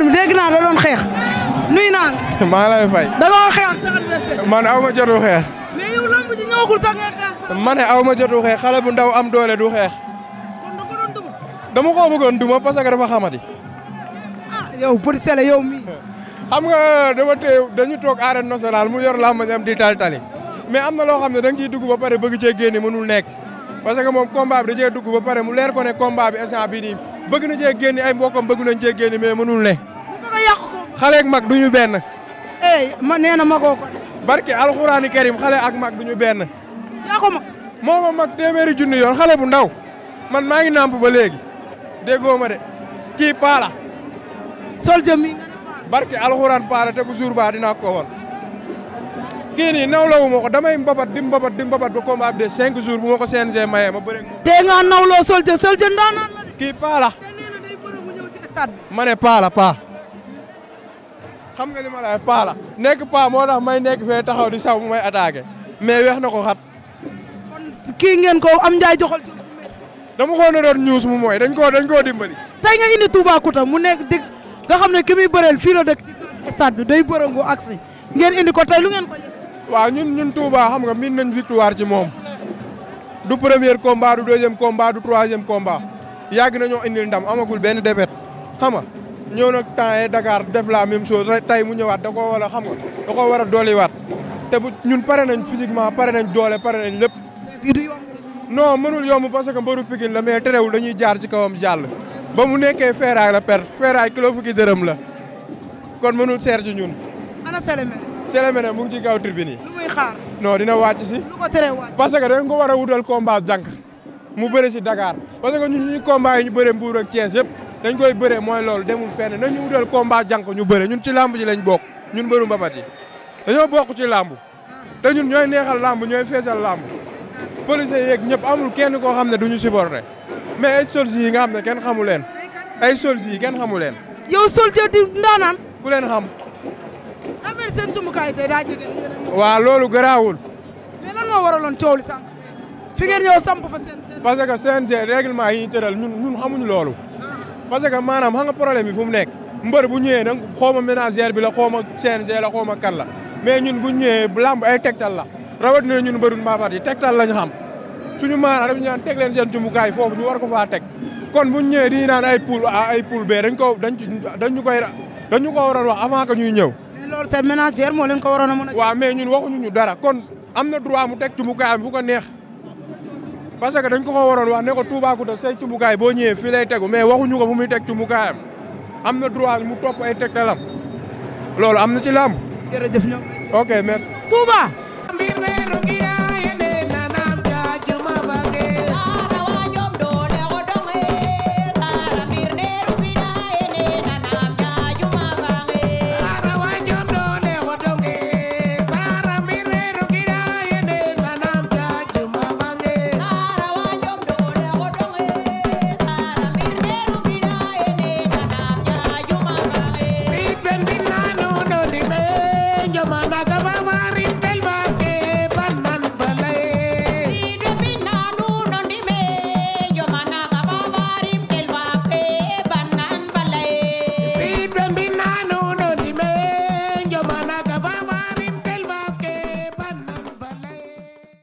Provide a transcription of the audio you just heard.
dégg naa da doon xeex nuy naan maa lay fay da doon xeex ak sa man aw ma jotu xeex mais yow lamb ji ñëwagul sax ngay xeex ma ne aw ma jotu xeex xale bu ndaw am doole du xeex da ko doon duma dama koo bëggoon duma parce que dafa xamati ah yow Petit Sélé yow mi xam nga dama téye dañu toog arène nationale mu yor lamb am di tali tali mais am na loo xam ne da nga dugg ba pare bëgg cee génne mënul nekk ah, ah. parce que moom combat bi da cee dugg ba pare mu leer ko ne combat bi instant bii nii bëgg na cee génn ay mbokkam bëgg nañ cee génn mais mënul ne. bu bëgg a yàq ko. xale ak mag du ñu benn. eh ma nee na magoo ko. barke alxuraani karim xale ak mag du ñu benn. yaa ko moo ma mag téeméeri junni yoon xale bu ndaw man maa ngi nàmp ba léegi déggoo ma de kii paala. sol jëm mi. barke alxuraan paala te bu jour ba dinaa ko woon. kii nii nawloo wu ma ko damay mbabat di mbabat di mbabat ba combat de cinq jours bu ma ko CNG maye ma bëre. tey nga nawloo soldier kii paa la. te nee ma ne paa la paa. xam nga li ma lay paa la nekk paa moo tax may nekk fee taxaw di saw may attaqué mais weex na ko xat. kon kii ngeen ko am njaay joxal jóg dama ko doon ñuus mu mooy dañ ko dañ koo dimbali. tey nga indi Toubacouta mu nekk dig nga xam ne ki muy bëreel fii la dëkk ci stade bi day bërëngu aksi ngeen indi ko tey lu ngeen waa waaw ñun ñun Touba xam nga miin nañ victoire ci moom du premier combat du deuxième combat du troisième combat yàgg nañoo indil ndam amagul benn defet xam nga ñëw nag temps dakaar Dakar def la même chose tey mu ñëwaat da koo war a xam nga da koo war a dooliwaat te bu ñun pare nañ physiquement pare nañ doole pare nañ lépp. noo mënul yomb parce que mbaru Pikine la mais terewul dañuy jaar ci kawam jàll. ba mu nekkee feeraay la perte feeraay kilo fukki dërëm la kon mënul seer ci ñun. ana Sélémène. Sélémène mu ngi ci kaw tribune yi. lu muy xaar. dina wàcc si. lu ko teree wàcc. parce que dañ ko war a wutal combat jànk. mu bëre si Dakar parce que ñun suñu combat yi ñu bëre Mbour ak Thiès yëpp dañ koy bëre mooy loolu demul fenn nañ ñu wutal combat jànk ñu bëre ñun ci làmb ji lañ bokk ñun mbëru mbapat yi dañoo bokk ci làmb te ñun ñooy neexal làmb ñooy feesal làmb policiers yeeg ñëpp amul kenn koo xam ne du ñu supporté mais ay soldats yi nga xam ne kenn xamu leen ay soldats yi kenn xamu leen. yow soldier di ndaanaan. ku leen xam. daa mel seen jumukaay tey daa jege. waaw loolu garaawul. mais lan moo fi ngeen ñëw samp fa seen seen. parce que CNG ñun ñun xamuñu loolu. Ah. parce que maanaam xam nga problème bi fu mu nekk mbër bu ñëwee da nga xooma ménagère bi la xooma CNG la xooma kan la mais ñun bu ñëwee lamb ay tegtal la rawat na ñun mbëru mbaafaat yi tegtal lañ xam suñu maanaam dañu naan teg leen seen jumtukaay ñu war ko faa teg kon bu ñëwee di naan ay poul A ay poul B dañ ko dañ dañu koy dañu ko waroon wax avant que ñuy ñëw. mais loolu seen ménagère moo leen ko waroon a mën a. waaw mais ñun waxuñu ñu dara kon am na droit mu teg jumtukaayam fu ko neex. parce que dañ ko ko waroon wax ne ko Toubacouta say cumbukaay boo ñëwee fii lay tegu mais waxuñu ko fu muy teg cumbukaayam am na droit mu topp ay tegtalam loolu am na ci làmb. jërëjëf ñoom. ok